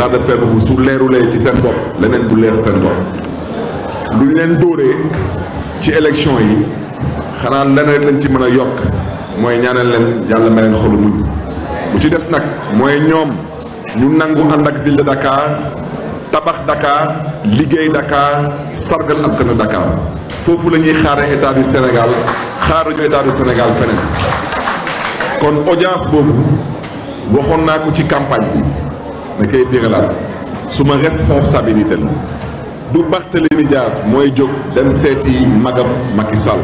rab feeb bu su leerulee ci seen bopp leneen bu leer seen bopp lu ñu leen dóoree ci élection yi xanaa leneen lañ ci mën a yokk mooy ñaanal leen yàlla meleen xolu muñ bu ci des nag mooy ñoom ñu nangu ànd ak ville de tabax Dakar liggéey Dakar sargal askanu Dakar foofu lañuy ñuy xaare état du Sénégal xaaruñu état du Sénégal feneen kon audience boobu waxoon naa ko ci campagne bi da koy biralaat suma responsabilité la du Barthélémy Dias mooy jóg dem seeti magam Macky Sall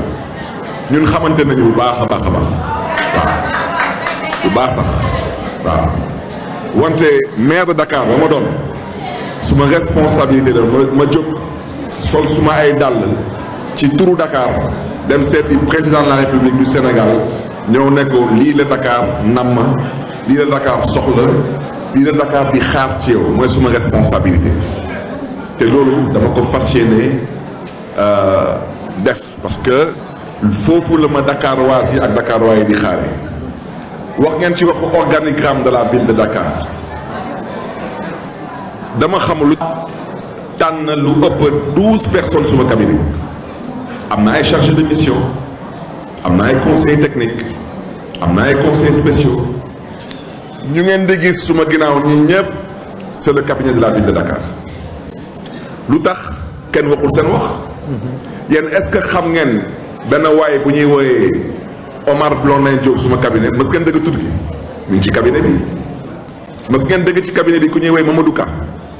ñun xamante nañu bu baax a baax a baax waaw bu baax sax waaw wante maire de Dakar ba ma doon suma responsabilité la ma ma jóg sol suma ay dàll ci turu Dakar dem seeti président de la République du Sénégal ñëw ne lii la Dakar namm lii la Dakar soxla bi la Dakar di xaar ci yow mooy suma responsabilité te loolu dama ko fas euh, def parce que foofu la ma Dakar waas yi ak Dakar waay di xaare wax ngeen ci waxu organigramme de la ville de Dakar dama xam lu tànn lu ëpp douze personnes suma cabinet am na ay chargé de mission am na ay conseil technique am na ay conseil spéciaux ñu ngeen di gis suma ginnaaw ñii ñëpp c'est le cabinet de la ville de Dakar lu tax kenn waxul seen wax yenn est-ce que xam ngeen benn waay bu ñuy wooyee Omar Blondin Diop suma cabinet mas ngeen dëgg tur gi mi ngi ci cabinet bi mas ngeen dëgg ci cabinet bi ku ñuy wooyee Mamadou Ka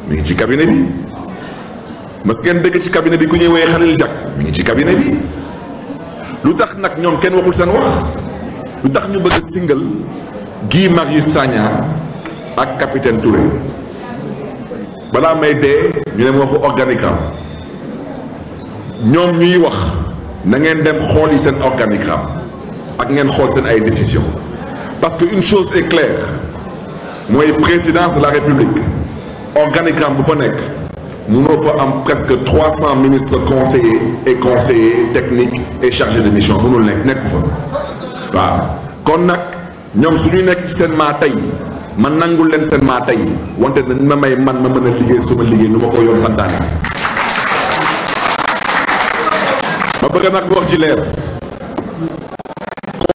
mi ngi ci cabinet bi mas ngeen dëgg ci cabinet bi ku ñuy wooyee Khalil Diack mi ngi ci cabinet bi lu tax nag ñoom kenn waxul seen wax lu tax ñu bëgg a single Guy Marius Sagna ak capitaine Touré balaa may dee ñu ne ma waxu organigramme ñoom ñuy wax na ngeen dem xool yi seen organigramme ak ngeen xool seen ay décision parce que une chose est claire mooy présidence de la république organigramme bu fa nekk mënoo fa am presque trois cent ministres conseillers et conseillers techniques et chargés de mission mënul nekk nekku fa waaw kon nag ñoom su ñuy nekk ci seen maa tey ma nangul leen seen maa tey wante dañ ma may man ma mën a liggéey suma liggéey nu ma ko yoon santaane ma bëgg nag wax ci leer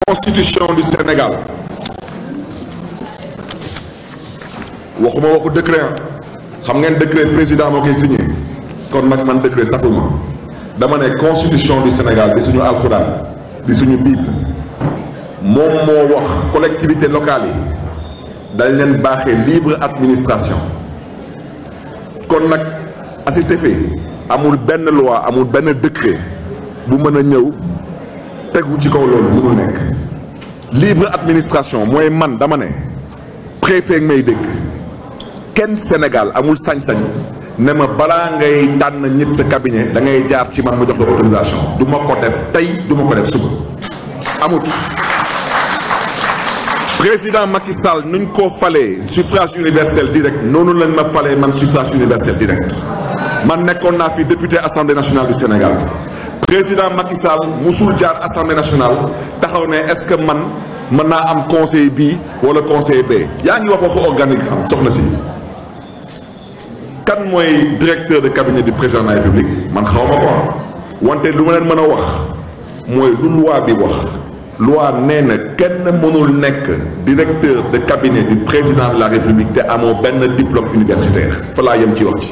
constitution du Sénégal waxuma waxu décret xam ngeen décret président moo koy signé kon nag man décret saxuma dama ne constitution du Sénégal di suñu alxuraan di suñu bible moom moo wax collectivité locale yi dañ leen baaxee libre administration kon nag à cet amul benn loi amul benn décret bu mën a ñëw tegu ci kaw loolu mënul nekk libre administration mooy man dama ne préfet may dëkk kenn Sénégal amul sañ-sañ ne ma balaa ngay tànn nit sa cabinet da ngay jaar ci man ma jox la autorisation du ma ko def tey du ma ko def suba amut président Macky Sall nuñ koo falee suffrage universel direct noonu lañ ma falee man suffrage universel direct man nekkoon naa fi député assemblée nationale du Sénégal président Macky Sall musul jaar assemblée nationale taxaw ne est-ce que man mën naa am conseil bii wala conseil bee yaa ngi wax waxu am soxna si kan mooy directeur de cabinet du président de la république man xaw ma ko wante lu ma leen mën a wax mooy lu loi bi wax. loi nee na kenn mënul nekk directeur de cabinet du président de la république te amoo benn diplôme universitaire fa laa yem ci wax ci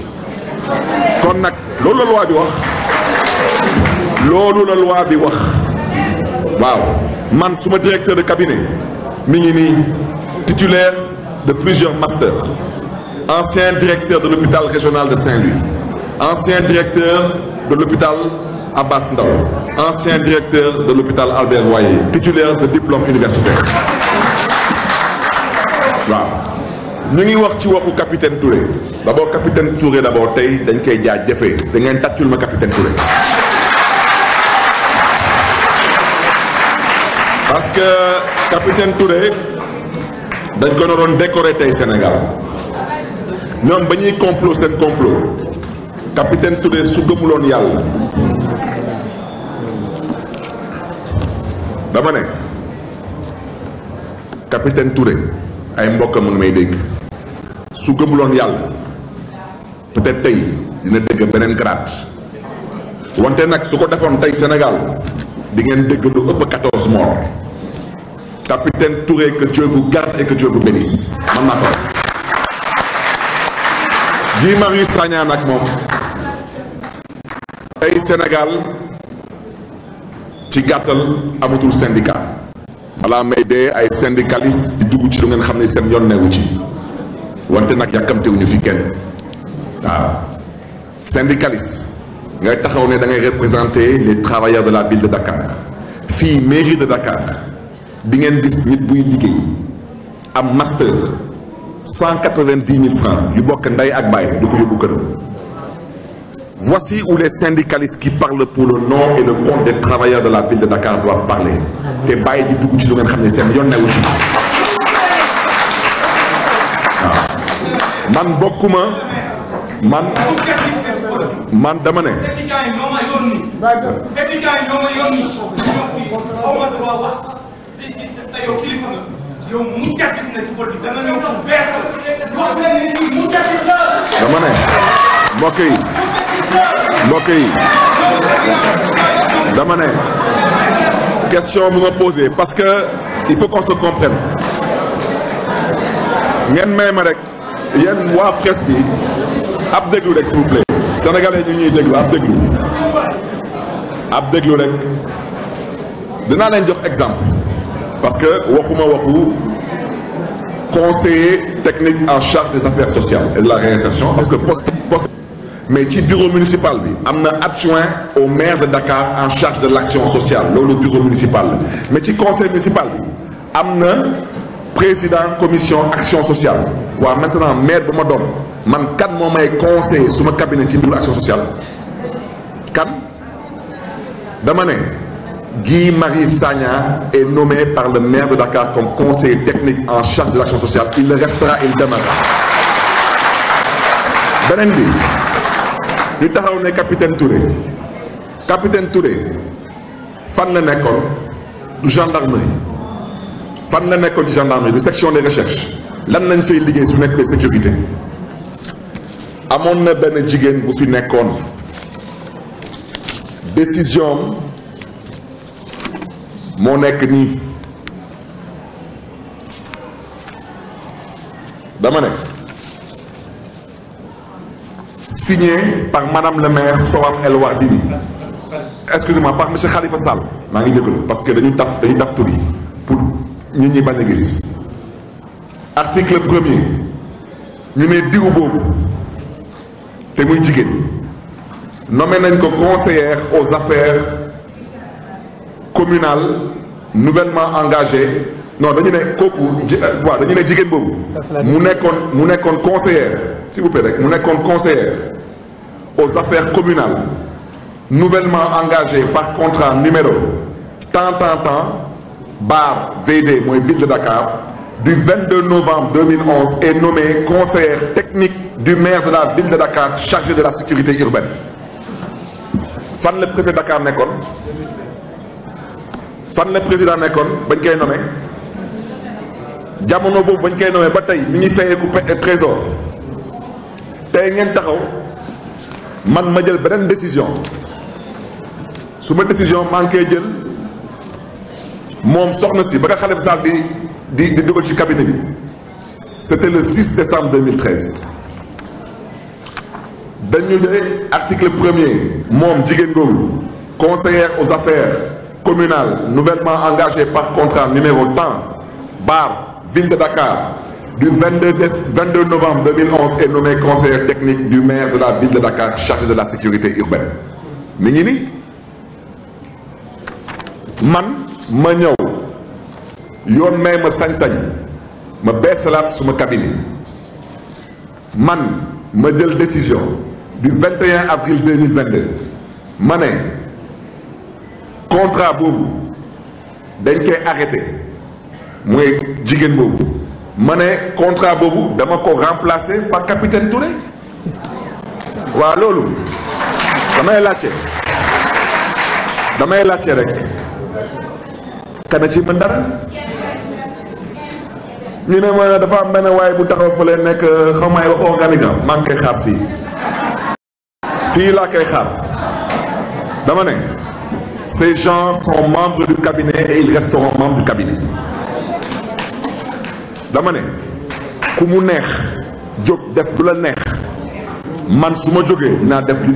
kon nag loolu la loi bi wax bi wax man suma directeur de cabinet mi ngi nii titulaire de plusieurs masters ancien directeur de l'hôpital régional de Saint-Louis ancien directeur de l'hôpital Abbas Ndao ancien directeur de l'hôpital Albert Royer titulaire de diplôme universitaire waaw ñu ngi wax ci waxu capitaine Touré d'abord capitaine Touré d'abord tey dañ koy jaajëfee da ngeen tàccul ma capitaine Touré que capitaine Touré dañ ko naroon décorer tey Sénégal ñoom ba ñuy complot seen complot capitaine Touré su gëmuloon yàlla si dama ne capitaine Touré ay mbokkam mu ngi may dégg su gëmuloon yàlla peut-être tey dina dégg beneen grade wante nag su ko defoon tey Sénégal di ngeen dégg lu ëpp 14 morts capitaine Touré que Dieu vous garde et que man naa ko Guy Marius Sagna nag moom. tey Sénégal ci gàttal amatul syndicat balaa may dee ay syndicaliste di dugg ci lu ngeen xam ne seen yoon newu ci wante nag yàkkamtewuñu fi kenn waaw syndicaliste ngay taxaw ne dangay ngay représenter les de la ville de Dakar fii mairie de Dakar di ngeen gis nit buy liggéey am master cent quatre-vingt-dix mille francs yu bokk ndey ak baay du ko yóbbu këram Voici où les syndicalistes qui parlent pour le nom et le compte des travailleurs de la ville de Dakar doivent parler te bàyyi ji dugg ci lu ngeen xam ne seen yoon newu ci waaw ah. man bokkuma man man dama ne mbokk yi dama ne question bu ma posé parce que il faut qu'on se comprenne ngeen may ma rek yéen waa presse ab déglu rek s'il vous plaît sénégalais ñu ñuy déglu ab déglu ab déglu rek dinaa leen jox exemple parce que waxuma waxu conseiller technique en charge des affaires sociales et de la réinsertion parce que poste mais ci bureau municipal bi am na adjoint au maire de Dakar en charge de l'action sociale loolu bureau municipal la mais ci conseil municipal bi am na président commission action sociale waaw maintenant maire ba ma doon man kan moo may conseiller suma cabinet ci mbiru action sociale kan dama ne Guy Marie Sagna est nommé par le maire de Dakar comme conseiller technique en charge de l'action sociale il le restera il demeurera beneen bi ñu taxaw ne capitaine Touré capitaine Touré fan la nekkoon du gendarmerie fan la nekkoon ci gendarmerie du section des recherches lan lañ fay liggéey su nekk sécurité amoon na benn jigéen bu fi nekkoon décision moo nekk nii dama ne signé par madame le maire Soham El Wardini excusez-moi par monsieur Khalifa Sall maa ngi jégalu parce que dañu taf dañu taf tur pour ñu ñi bañ a gis article premier ñu ne diw boobu te muy jigéen nommé nañ ko conseillère aux affaires communales nouvellement engagée non dañu ne kooku ji euh, ne jigéen boobu. mu nekkoon mu nekkoon conseillère s'il vous plaît mu nekkoon conseillère aux affaires communales nouvellement engagée par contrat numéro tant tant tant bar VD mooy ville de Dakar du 22 novembre 2011 est nommée technique du maire de la ville de de la sécurité urbaine la préfet nekkoon fan la président nekkoon bañ koy jamono boobu bañ koy nawee ba tey mi ngi fayeeku eh, trésor tey ngeen taxaw man ma jël beneen décision su ma décision maa jël moom soxna si ba nga Khalifa Sall di di di dugal ci cabinet bi c'était le 6 décembre 2013 dañu de article premier moom jigéen googu conseillère aux affaires communal nouvellement engagé par contrat numéro temps barre ville de Dakar du 22 22 novembre 2011 est nommé conseiller technique du maire de la ville de Dakar chargé de la sécurité urbaine mi ngi ni man ma ñëw yoon may ma sañ-sañ ma beesalaat suma cabinet man ma jël décision du 21 avril 2022 ma ne contrat boobu dañ koy arrêté mooy jigéen boobu ma ne contrat boobu dama ko remplacer par capitaine Touré waaw loolu damay laajte damay laajte rek kana ci mën dara ñu ne ma dafa am benn waaye bu taxaw fële nekk xaw maay wax organique am koy xaar fii fii laa koy xaar dama ne ces gens sont membres du cabinet et ils resteront membres du cabinet dama ne ku mu neex jóg def lu man su ma jógee naa def lii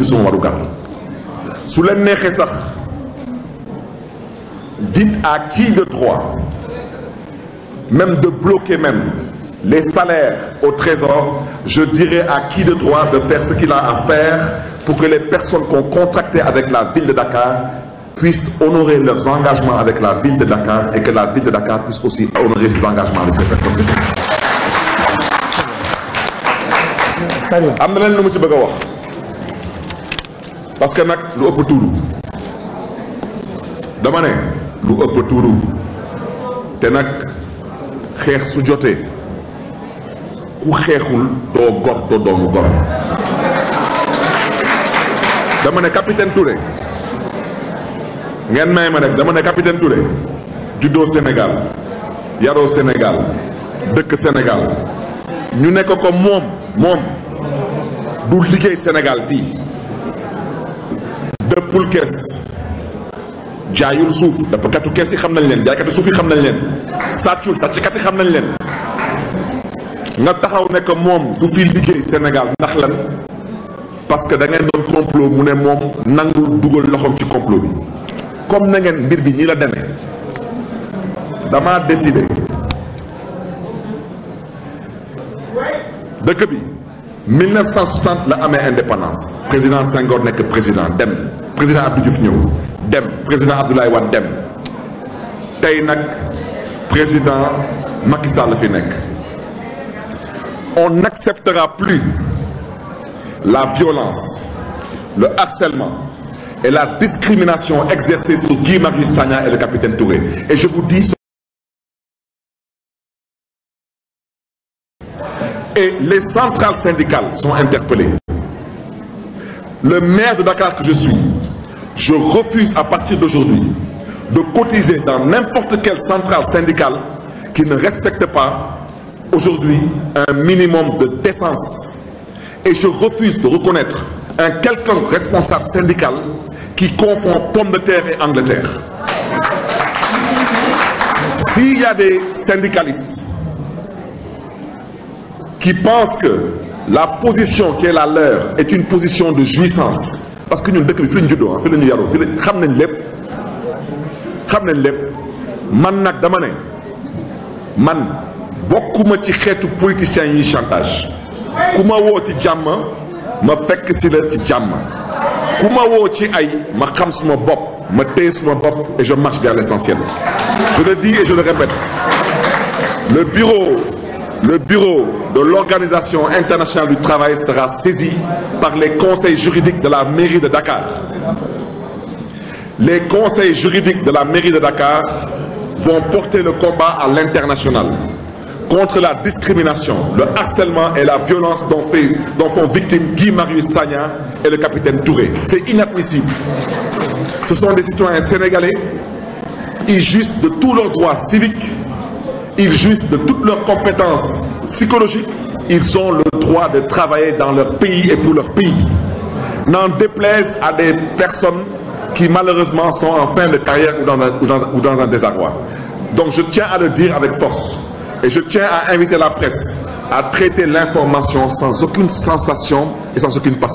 leen neexee sax dites à qui de droit même de bloquer même les salaires au trésor je dirais à qui de droit de faire ce qu'il a à faire pour que les personnes qu'on contracté avec la ville de Dakar puissent honorer leurs engagements avec la ville de Dakar et la ville de Dakar puisse aussi honorer ses engagements avec ses personnes. am na leen lu mu ci bëgg a wax parce que nag lu ëpp tuuru dama ne lu ëpp tuuru te nag xeex su jotee ku xeexul doo gor doo doonu gor dama ne capitaine Touré. ngeen may ma rek dama ne capitaine Touré juddoo Sénégal yaroo Sénégal dëkk Sénégal ñu nekk ko moom moom du liggéey Sénégal fii dëppul kees jaayul suuf dëppkatu kees yi xam nañ leen jaaykatu suuf yi xam nañ leen sàccul sàcckat yi xam nañ leen nga taxaw nekk que moom du fi liggéey Sénégal ndax lan parce que da ngeen doon complot mu ne moom nangul dugal loxoom ci complot bi. comme na ngeen mbir bi ñi la demee dama décidé dëkk bi 1960 la amee indépendance président Senghor nekk président dem président Abdou Diouf ñëw dem président Abdoulaye Wade dem tey nag président Macky Sall la fi nekk on n'acceptera plus la violence le harcèlement et la discrimination exercée sur Guy Marius les centrales syndicales sont interpellées. Le maire de Dakar que je suis, je refuse à partir d'aujourd'hui de cotiser dans n'importe quelle centrale syndicale qui ne respecte pas aujourd'hui un minimum de décence. Et je refuse de reconnaître un quelconque responsable syndical qui confond pomme de terre et Angleterre. S'il y a des syndicalistes qui pensent que la position qui est la leur est une position de jouissance parce que ñun dëkk bi fi lañu juddoo fi lañu yaroo fi lañ xam nañ lépp xam nañ lépp man nag dama ne man bokkuma ci xeetu politiciens yi chantage ku ma woo ci jàmm ma fekk si la ci jàmm ku ma woo ci ay ma xam suma bopp ma te suma bopp et je marche vers l'essentiel je le dis et je le répète le bureau le bureau de l'organisation internationale du travail sera saisi par les conseils juridiques de la mairie de Dakar les conseils juridiques de la mairie de Dakar vont porter le combat à l'international contre la discrimination, le harcèlement et la violence dont, fait, dont font victimes Guy Marius Sagna et le capitaine Touré. C'est inadmissible. Ce sont des citoyens sénégalais. Ils jouissent de tous leurs droits civiques. Ils jouissent de toutes leurs compétences psychologiques. Ils ont le droit de travailler dans leur pays et pour leur pays. N'en déplaise à des personnes qui malheureusement sont en fin de carrière ou dans un, ou dans, désarroi. Donc je tiens à le dire Et je tiens à inviter la presse à traiter l'information sans aucune sensation et sans aucune passion.